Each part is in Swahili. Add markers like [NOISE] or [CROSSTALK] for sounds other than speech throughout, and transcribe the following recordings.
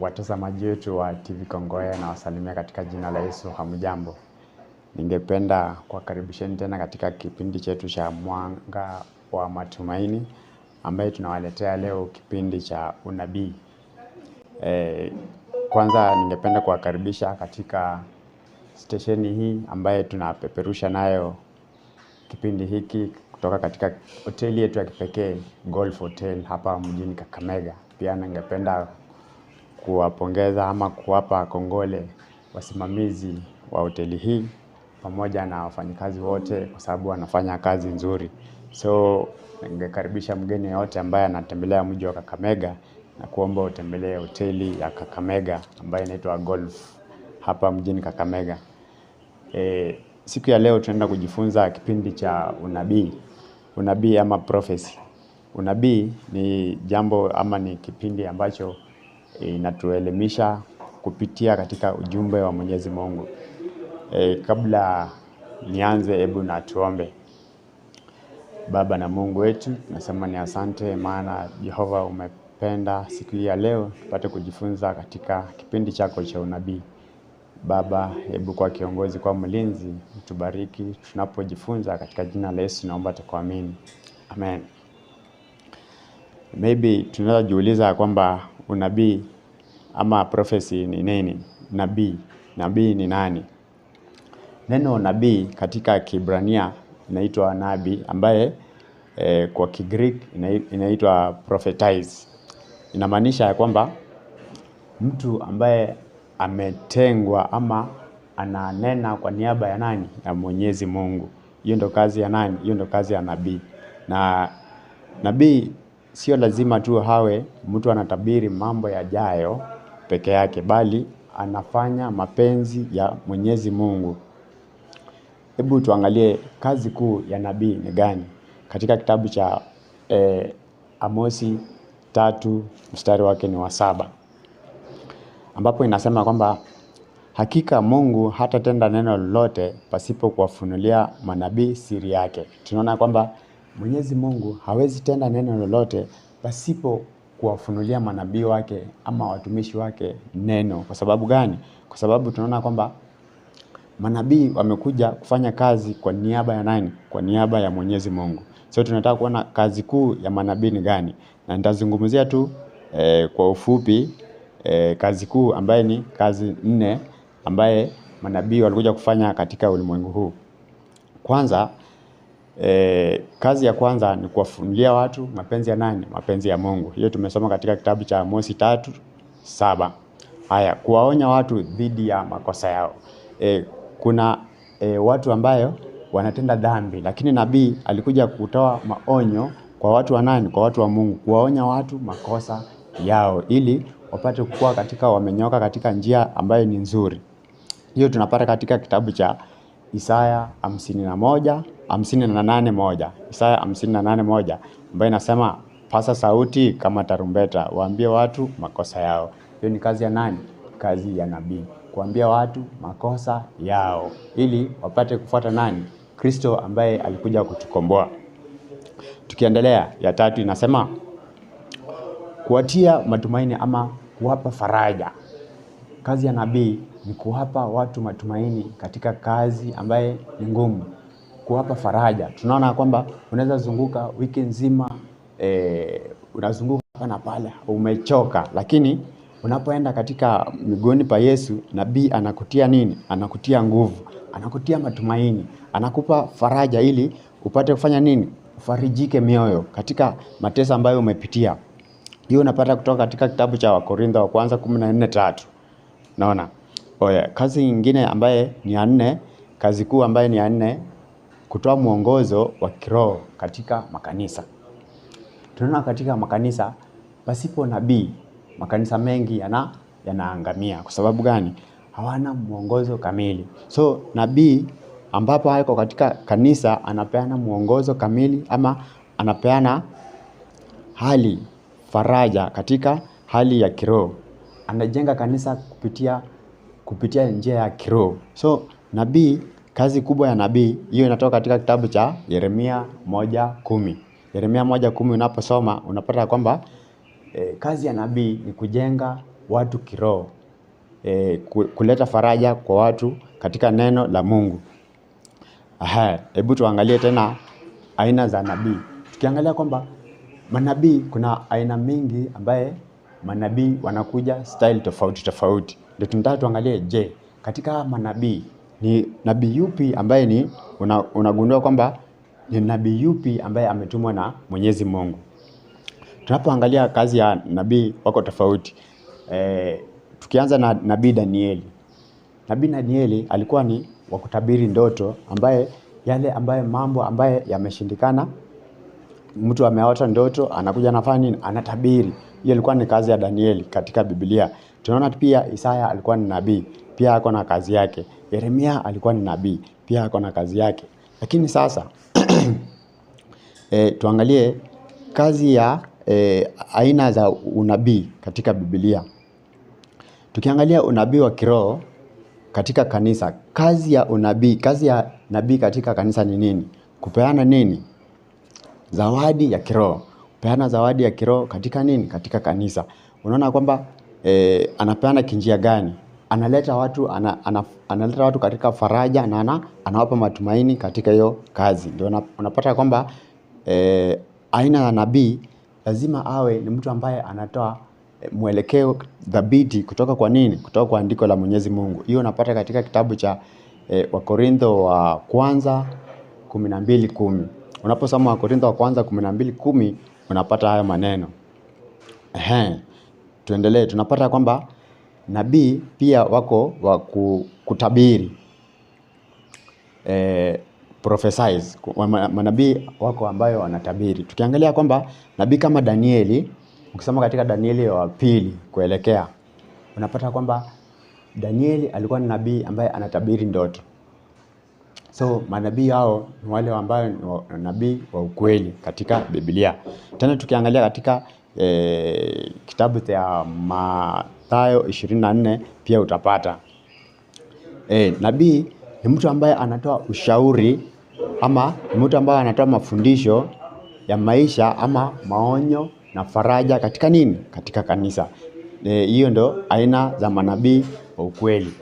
Watazamaji wetu wa TV Kongowea na wasalimia katika jina la Yesu, hamjambo. Ningependa kuwakaribisheni tena katika kipindi chetu cha Mwanga wa Matumaini ambaye tunawaletea leo kipindi cha unabii. E, kwanza ningependa kuwakaribisha katika stesheni hii ambaye tunapeperusha nayo kipindi hiki kutoka katika hoteli yetu ya kipekee Golf Hotel hapa mjini Kakamega. Pia ningependa kuwapongeza ama kuwapa kongole wasimamizi wa hoteli hii pamoja na wafanyikazi wote kwa sababu wanafanya kazi nzuri. So ningekaribisha mgeni yeyote ambaye anatembelea mji wa Kakamega na kuomba utembelee hoteli ya Kakamega ambayo inaitwa Golf hapa mjini Kakamega. E, siku ya leo tunaenda kujifunza kipindi cha unabii, unabii ama prophecy. Unabii ni jambo ama ni kipindi ambacho inatuelimisha kupitia katika ujumbe wa Mwenyezi Mungu. E, kabla nianze, hebu na tuombe. Baba na Mungu wetu, nasema ni asante, maana Jehova umependa siku hii ya leo tupate kujifunza katika kipindi chako cha unabii. Baba, hebu kwa kiongozi, kwa mlinzi, utubariki tunapojifunza, katika jina la Yesu naomba tukuamini, amen. Maybe tunaweza jiuliza kwamba unabii ama prophecy ni nini? Nabii, nabii ni nani? Neno nabii katika Kibrania inaitwa nabi, ambaye e, kwa Kigreek inaitwa prophetize. Inamaanisha ya kwamba mtu ambaye ametengwa ama ananena kwa niaba ya nani? Ya Mwenyezi Mungu. Hiyo ndo kazi ya nani? Hiyo ndo kazi ya nabii na nabii sio lazima tu hawe mtu anatabiri mambo yajayo peke yake, bali anafanya mapenzi ya Mwenyezi Mungu. Hebu tuangalie kazi kuu ya nabii ni gani katika kitabu cha eh, Amosi tatu mstari wake ni wa saba ambapo inasema kwamba hakika Mungu hatatenda neno lolote pasipo kuwafunulia manabii siri yake. Tunaona kwamba Mwenyezi Mungu hawezi tenda neno lolote pasipo kuwafunulia manabii wake ama watumishi wake neno. Kwa sababu gani? Kwa sababu tunaona kwamba manabii wamekuja kufanya kazi kwa niaba ya nani? Kwa niaba ya Mwenyezi Mungu. So tunataka kuona kazi kuu ya manabii ni gani, na nitazungumzia tu eh, kwa ufupi eh, kazi kuu ambaye ni kazi nne ambaye manabii walikuja kufanya katika ulimwengu huu. Kwanza E, kazi ya kwanza ni kuwafunulia watu mapenzi ya nani? Mapenzi ya Mungu. Hiyo tumesoma katika kitabu cha Amosi tatu saba. Haya, kuwaonya watu dhidi ya makosa yao. E, kuna e, watu ambayo wanatenda dhambi, lakini nabii alikuja kutoa maonyo kwa watu wa nani? Kwa watu wa Mungu, kuwaonya watu makosa yao ili wapate kukua katika wamenyoka katika njia ambayo ni nzuri. Hiyo tunapata katika kitabu cha Isaya hamsini na moja hamsini na nane moja Isaya hamsini na nane moja ambayo inasema pasa sauti kama tarumbeta, waambie watu makosa yao. Hiyo ni kazi ya nani? Kazi ya nabii, kuambia watu makosa yao ili wapate kufuata nani? Kristo ambaye alikuja kutukomboa. Tukiendelea, ya tatu inasema kuwatia matumaini ama kuwapa faraja. Kazi ya nabii ni kuwapa watu matumaini katika kazi ambaye ni ngumu kuwapa faraja. Tunaona kwamba unaweza zunguka wiki nzima e, unazunguka hapa na pale, umechoka, lakini unapoenda katika miguuni pa Yesu, nabii anakutia nini? Anakutia nguvu, anakutia matumaini, anakupa faraja ili upate kufanya nini? Ufarijike mioyo katika mateso ambayo umepitia. Hiyo unapata kutoka katika kitabu cha Wakorintho wa kwanza 14:3. na tatu. Naona oya, kazi nyingine ambaye ni ya nne, kazi kuu ambaye ni ya nne kutoa mwongozo wa kiroho katika makanisa. Tunaona katika makanisa pasipo nabii, makanisa mengi yana yanaangamia. Kwa sababu gani? Hawana mwongozo kamili. So nabii ambapo hayuko katika kanisa, anapeana mwongozo kamili ama anapeana hali faraja katika hali ya kiroho, anajenga kanisa kupitia kupitia njia ya kiroho. So nabii Kazi kubwa ya nabii hiyo inatoka katika kitabu cha Yeremia moja kumi. Yeremia moja kumi unaposoma unapata kwamba e, kazi ya nabii ni kujenga watu kiroho e, kuleta faraja kwa watu katika neno la Mungu. Hebu tuangalie tena aina za nabii, tukiangalia kwamba manabii kuna aina mingi ambaye manabii wanakuja style tofauti tofauti, ndio tunataka tuangalie, je, katika manabii ni nabii yupi ambaye ni una, unagundua kwamba ni nabii yupi ambaye ametumwa na Mwenyezi Mungu. Tunapoangalia kazi ya nabii wako tofauti e, tukianza na nabii Danieli. Nabii Danieli alikuwa ni wa kutabiri ndoto, ambaye yale ambaye mambo ambaye yameshindikana, mtu ameota ndoto anakuja anafanya nini? Anatabiri. Hiyo ilikuwa ni kazi ya Danieli katika Biblia. Tunaona pia Isaya alikuwa ni nabii pia ako na kazi yake. Yeremia alikuwa ni nabii, pia ako na kazi yake. Lakini sasa e, [CLEARS THROAT] tuangalie kazi ya e, aina za unabii katika Biblia. Tukiangalia unabii wa kiroho katika kanisa, kazi ya unabii, kazi ya nabii katika kanisa ni nini? Kupeana nini? Zawadi ya kiroho, kupeana zawadi ya kiroho katika nini? Katika kanisa. Unaona kwamba e, anapeana kinjia gani? analeta watu, ana, ana, analeta watu katika faraja na ana, anawapa matumaini katika hiyo kazi. Ndio unapata kwamba e, aina ya nabii lazima awe ni mtu ambaye anatoa eh, mwelekeo dhabiti kutoka kwa nini? Kutoka kwa andiko la Mwenyezi Mungu. Hiyo unapata katika kitabu cha e, Wakorintho wa kwanza kumi na mbili kumi. Unaposoma Wakorintho wa kwanza kumi na mbili kumi unapata hayo maneno. Ehe, tuendelee. Tunapata kwamba nabii pia wako wa kutabiri e, prophesize manabii wako ambayo wanatabiri. Tukiangalia kwamba nabii kama Danieli, ukisoma katika Danieli wa pili kuelekea, unapata kwamba Danieli alikuwa ni nabii ambaye anatabiri ndoto. So manabii hao ni wale ambao ni nabii wa ukweli katika Biblia. Tena tukiangalia katika e, kitabu cha Mathayo 24 pia utapata Eh, nabii ni mtu ambaye anatoa ushauri ama ni mtu ambaye anatoa mafundisho ya maisha ama maonyo na faraja katika nini? Katika kanisa. E, hiyo e, ndo aina za manabii wa ukweli.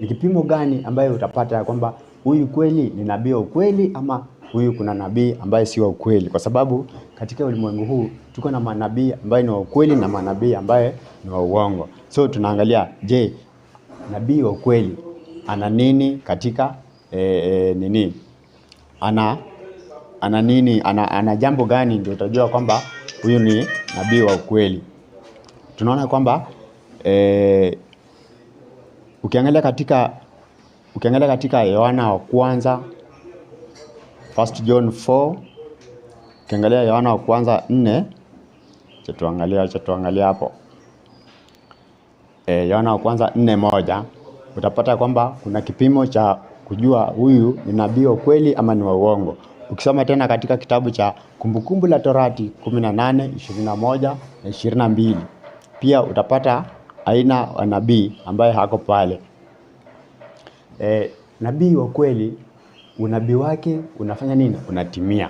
Ni kipimo gani ambayo utapata ya kwamba huyu kweli ni nabii wa ukweli ama huyu kuna nabii ambaye si wa ukweli, kwa sababu katika ulimwengu huu tuko na manabii ambaye ni wa ukweli na manabii ambaye ni wa uongo. So tunaangalia je, nabii wa ukweli ana nini katika e, e, nini ana ana nini ana, ana jambo gani ndio utajua kwamba huyu ni nabii wa ukweli. Tunaona kwamba e, ukiangalia katika ukiangalia katika Yohana wa kwanza First John 4 ukiangalia Yohana wa kwanza 4 Acha tuangalia acha tuangalia hapo e, eh, Yohana wa kwanza nne moja utapata kwamba kuna kipimo cha kujua huyu ni nabii wa kweli ama ni wa uongo. Ukisoma tena katika kitabu cha Kumbukumbu la Torati 18 21 na 22 pia utapata aina wa nabii ambaye hako pale. E, nabii wa kweli unabii wake unafanya nini? Unatimia.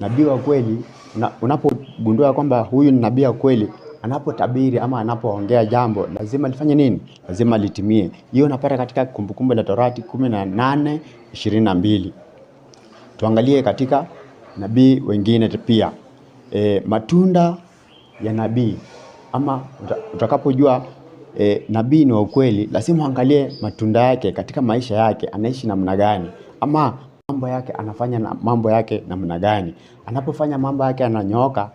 Nabii wa kweli una, unapo kugundua kwamba huyu ni nabii kweli anapotabiri ama anapoongea jambo lazima lifanye nini? Lazima litimie. Hiyo unapata katika Kumbukumbu la Torati kumi na mbili. Tuangalie katika nabii wengine pia e, matunda ya nabii ama utakapojua e, nabii ni wa ukweli, lazima uangalie matunda yake katika maisha yake, anaishi namna gani ama mambo yake, anafanya na mambo yake namna gani. Anapofanya mambo yake ananyooka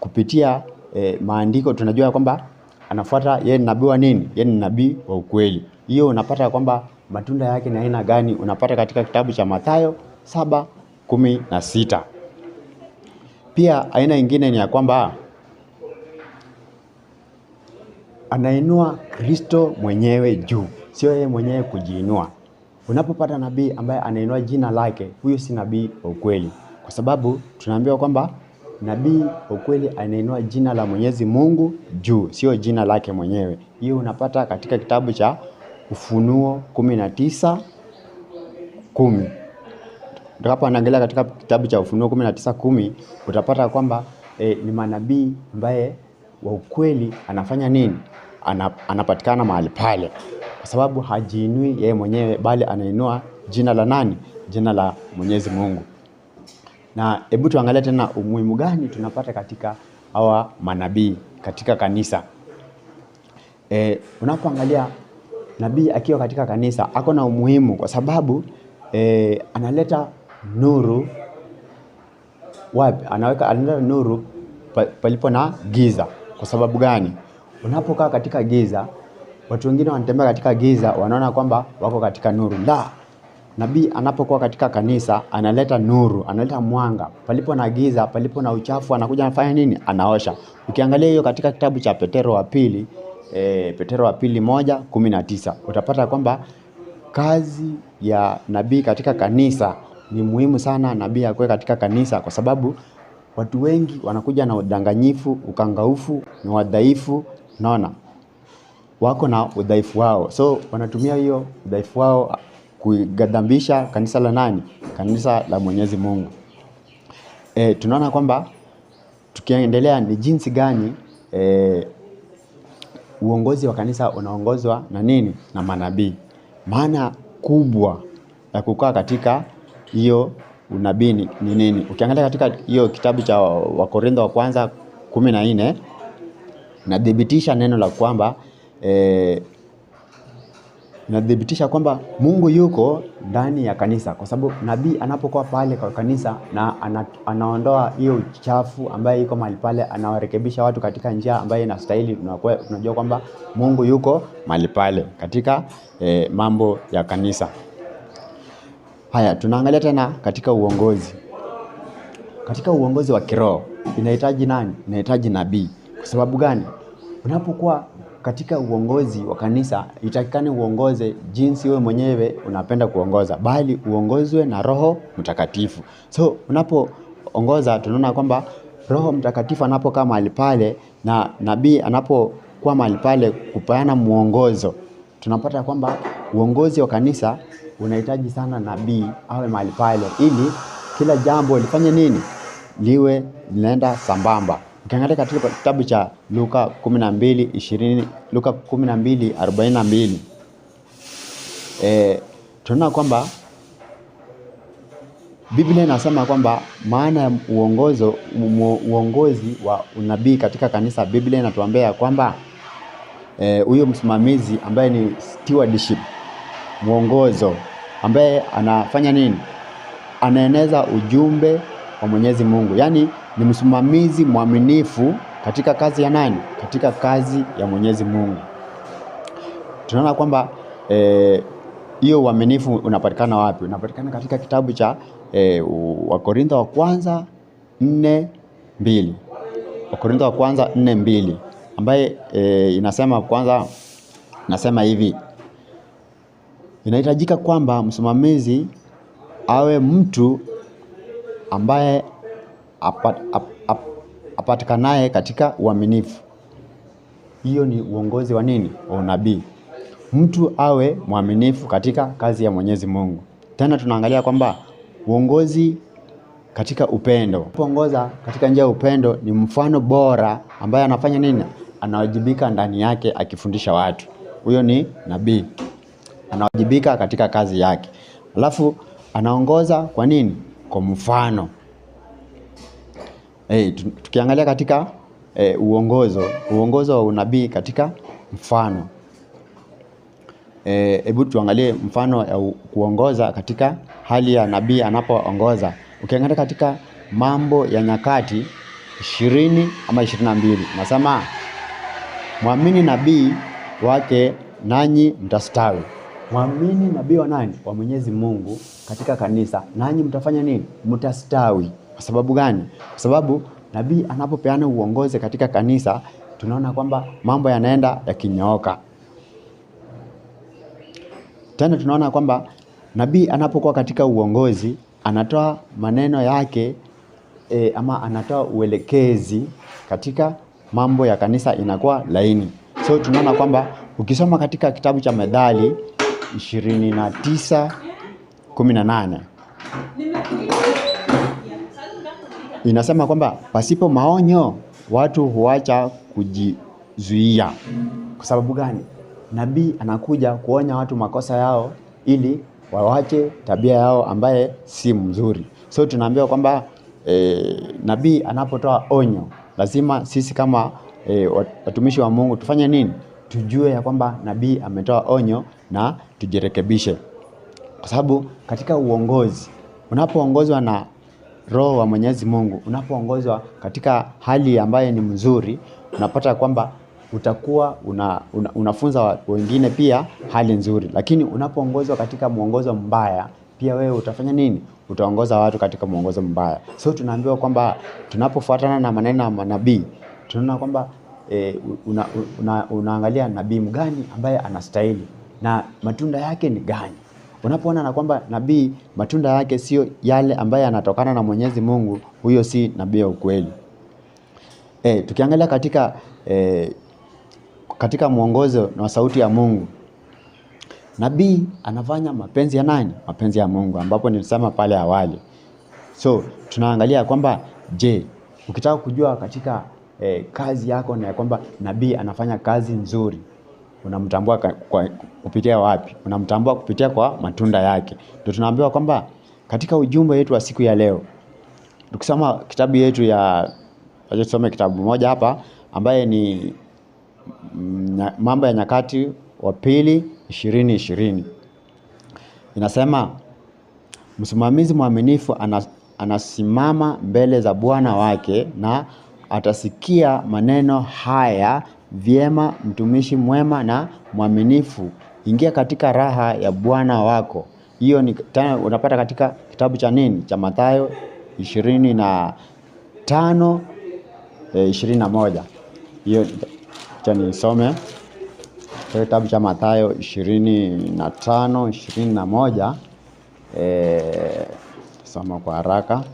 kupitia e, maandiko tunajua kwamba anafuata yeye ni nabii wa nini? Yeye ni nabii wa ukweli. Hiyo unapata kwamba matunda yake ni aina gani, unapata katika kitabu cha Mathayo saba kumi na sita. Pia aina ingine ni ya kwamba anainua Kristo mwenyewe juu, sio yeye mwenyewe kujiinua. Unapopata nabii ambaye anainua jina lake, huyo si nabii wa ukweli, kwa sababu tunaambiwa kwamba nabii wa kweli anainua jina la Mwenyezi Mungu juu, sio jina lake mwenyewe. Hiyo unapata katika kitabu cha Ufunuo kumi na tisa kumi. Utakapoangalia katika kitabu cha Ufunuo kumi na tisa kumi utapata kwamba e, ni manabii ambaye wa ukweli anafanya nini? anapatikana mahali pale, kwa sababu hajiinui yeye mwenyewe, bali anainua jina la nani? Jina la Mwenyezi Mungu na hebu tuangalie tena umuhimu gani tunapata katika hawa manabii katika kanisa. E, unapoangalia nabii akiwa katika kanisa ako na umuhimu kwa sababu e, analeta nuru wapi? Anaweka, analeta nuru palipo na giza. Kwa sababu gani? Unapokaa katika giza, watu wengine wanatembea katika giza, wanaona kwamba wako katika nuru. La, Nabii anapokuwa katika kanisa analeta nuru, analeta mwanga. Palipo na giza, palipo na uchafu, anakuja anafanya nini? Anaosha. Ukiangalia hiyo katika kitabu cha Petero wa pili e, Petero wa pili moja kumi na tisa utapata kwamba kazi ya nabii katika kanisa ni muhimu sana, nabii akuwe katika kanisa, kwa sababu watu wengi wanakuja na udanganyifu, ukangaufu, ni wadhaifu, naona wako na udhaifu wao, so wanatumia hiyo udhaifu wao kuidhambisha kanisa la nani? Kanisa la Mwenyezi Mungu. E, tunaona kwamba tukiendelea ni jinsi gani e, uongozi wa kanisa unaongozwa na nini? Na manabii. Maana kubwa ya kukaa katika hiyo unabii ni nini? Ukiangalia katika hiyo kitabu cha Wakorintho wa kwanza kumi na nne inathibitisha neno la kwamba e, inathibitisha kwamba Mungu yuko ndani ya kanisa, kwa sababu nabii anapokuwa pale kwa kanisa na ana, anaondoa hiyo uchafu ambaye iko mahali pale, anawarekebisha watu katika njia ambayo inastahili. Tunajua kwamba Mungu yuko mahali pale katika eh, mambo ya kanisa. Haya, tunaangalia tena katika uongozi. Katika uongozi wa kiroho inahitaji nani? Inahitaji nabii. Kwa sababu gani? Unapokuwa katika uongozi wa kanisa itakikane uongoze jinsi wewe mwenyewe unapenda kuongoza, bali uongozwe na Roho Mtakatifu. So unapoongoza, tunaona kwamba Roho Mtakatifu anapokaa mahali pale na nabii anapokuwa mahali pale kupeana mwongozo, tunapata kwamba uongozi wa kanisa unahitaji sana nabii awe mahali pale, ili kila jambo lifanye nini, liwe linaenda sambamba. Ukiangalia katika kitabu cha Luka 12:20, Luka 12:42 eh, tunaona kwamba Biblia inasema kwamba maana ya uongozo uongozi wa unabii katika kanisa. Biblia inatuambia kwamba eh, huyo e, msimamizi ambaye ni stewardship, mwongozo ambaye anafanya nini? Anaeneza ujumbe wa Mwenyezi Mungu, yaani ni msimamizi mwaminifu katika kazi ya nani? Katika kazi ya Mwenyezi Mungu. Tunaona kwamba eh, hiyo e, uaminifu unapatikana wapi? Unapatikana katika kitabu cha e, eh, Wakorintho wa kwanza nne mbili Wakorintho wa kwanza nne mbili ambaye e, inasema kwanza, nasema hivi inahitajika kwamba msimamizi awe mtu ambaye apat, apatikanaye katika uaminifu. Hiyo ni uongozi wa nini? Wa unabii. Mtu awe mwaminifu katika kazi ya Mwenyezi Mungu. Tena tunaangalia kwamba uongozi katika upendo, kuongoza katika njia ya upendo ni mfano bora ambaye anafanya nini? Anawajibika ndani yake akifundisha watu. Huyo ni nabii, anawajibika katika kazi yake, alafu anaongoza kwa nini? Kwa mfano. Hey, eh, tukiangalia katika hey, eh, uongozo uongozo wa unabii katika mfano. Eh, hebu tuangalie mfano ya kuongoza katika hali ya nabii anapoongoza. Ukiangalia katika Mambo ya Nyakati ishirini ama ishirini na mbili nasema mwamini nabii wake nanyi mtastawi. Mwamini nabii wa nani? Wa Mwenyezi Mungu katika kanisa, nanyi mtafanya nini? Mtastawi. Kwa sababu gani? Kwa sababu nabii anapopeana uongozi katika kanisa, tunaona kwamba mambo yanaenda yakinyooka. Tena tunaona kwamba nabii anapokuwa katika uongozi anatoa maneno yake e, ama anatoa uelekezi katika mambo ya kanisa inakuwa laini. So tunaona kwamba ukisoma katika kitabu cha Methali 29:18 inasema kwamba pasipo maonyo watu huacha kujizuia. Kwa sababu gani? Nabii anakuja kuonya watu makosa yao ili wawache tabia yao ambaye si mzuri. So tunaambiwa kwamba e, nabii anapotoa onyo lazima sisi kama e, watumishi wa Mungu tufanye nini? Tujue ya kwamba nabii ametoa onyo na tujirekebishe, kwa sababu katika uongozi unapoongozwa na Roho wa Mwenyezi Mungu, unapoongozwa katika hali ambayo ni mzuri, unapata kwamba utakuwa una, una, unafunza wengine pia hali nzuri, lakini unapoongozwa katika mwongozo mbaya pia wewe utafanya nini? Utaongoza watu katika mwongozo mbaya. So tunaambiwa kwamba tunapofuatana na maneno ya manabii tunaona kwamba e, una, una, unaangalia nabii mgani ambaye anastahili na matunda yake ni gani. Unapoona na kwamba nabii matunda yake sio yale ambayo yanatokana na Mwenyezi Mungu, huyo si nabii wa ukweli. E, tukiangalia katika, e, katika mwongozo na sauti ya Mungu, nabii anafanya mapenzi ya nani? Mapenzi ya Mungu, ambapo nilisema pale awali. So tunaangalia kwamba je, ukitaka kujua katika e, kazi yako na ya kwamba nabii anafanya kazi nzuri unamtambua kwa kupitia wapi? Unamtambua kupitia kwa matunda yake. Ndio tunaambiwa kwamba katika ujumbe wetu wa siku ya leo, tukisoma kitabu yetu ya aje, tusome kitabu moja hapa ambaye ni Mambo ya Nyakati wa Pili ishirini ishirini inasema msimamizi mwaminifu anasimama mbele za bwana wake na atasikia maneno haya vyema, mtumishi mwema na mwaminifu, ingia katika raha ya bwana wako. Hiyo ni tena unapata katika kitabu cha nini cha Mathayo ishirini na tano eh, ishirini na moja hiyo cha nisome kitabu cha Mathayo ishirini na tano ishirini na moja e, soma kwa haraka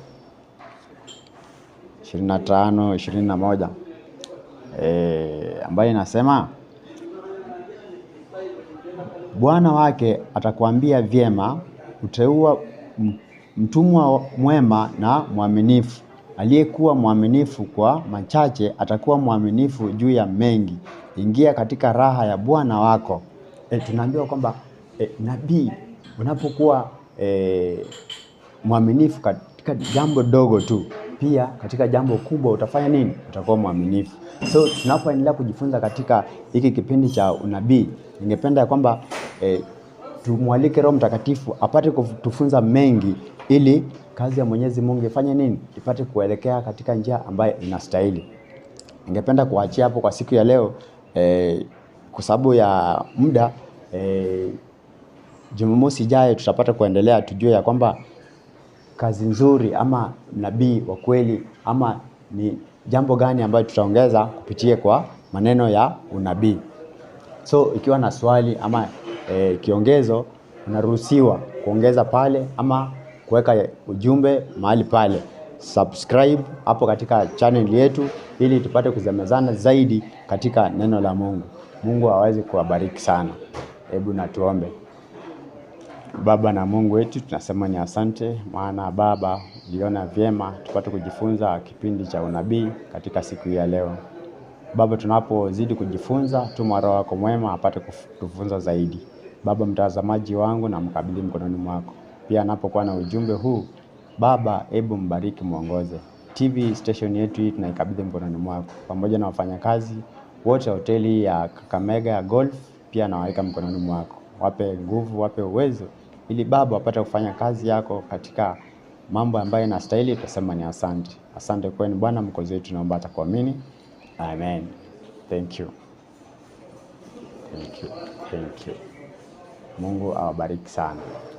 ishirini na tano ishirini na moja e, eh, ambayo inasema bwana wake atakuambia vyema, uteua mtumwa mwema na mwaminifu. Aliyekuwa mwaminifu kwa machache atakuwa mwaminifu juu ya mengi, ingia katika raha ya bwana wako. E, tunaambiwa kwamba e, nabii unapokuwa e, mwaminifu katika jambo dogo tu pia katika jambo kubwa utafanya nini? Utakuwa mwaminifu. So tunapoendelea kujifunza katika hiki kipindi cha unabii, ningependa ya kwamba eh, tumwalike Roho Mtakatifu apate kutufunza mengi ili kazi ya Mwenyezi Mungu ifanye nini? Ipate kuelekea katika njia ambayo inastahili. Ningependa kuachia hapo kwa siku ya leo eh, kwa sababu ya muda eh, Jumamosi ijayo tutapata kuendelea, tujue ya kwamba kazi nzuri ama nabii wa kweli ama ni jambo gani ambayo tutaongeza kupitia kwa maneno ya unabii. So ikiwa na swali ama e, kiongezo, unaruhusiwa kuongeza pale ama kuweka ujumbe mahali pale. Subscribe hapo katika channel yetu ili tupate kuzamezana zaidi katika neno la Mungu. Mungu aweze kuwabariki sana. Hebu na tuombe. Baba na Mungu wetu, tunasema ni asante, maana Baba uliona vyema tupate kujifunza kipindi cha unabii katika siku ya leo. Baba, tunapozidi kujifunza, tuma Roho wako mwema apate kutufunza zaidi. Baba, mtazamaji wangu na mkabidhi mkononi mwako, pia anapokuwa na ujumbe huu Baba, hebu mbariki, mwongoze. TV station yetu hii tunaikabidhi mkononi mwako, pamoja na wafanyakazi wote hoteli ya Kakamega ya Golf, pia nawaweka mkononi mwako, wape nguvu, wape uwezo ili Baba apate kufanya kazi yako katika mambo ambayo inastahili. Tutasema ni asante, asante kwenu Bwana mkozi wetu, naomba atakuamini. Amen. Thank you. Thank you. Thank you. Mungu awabariki sana.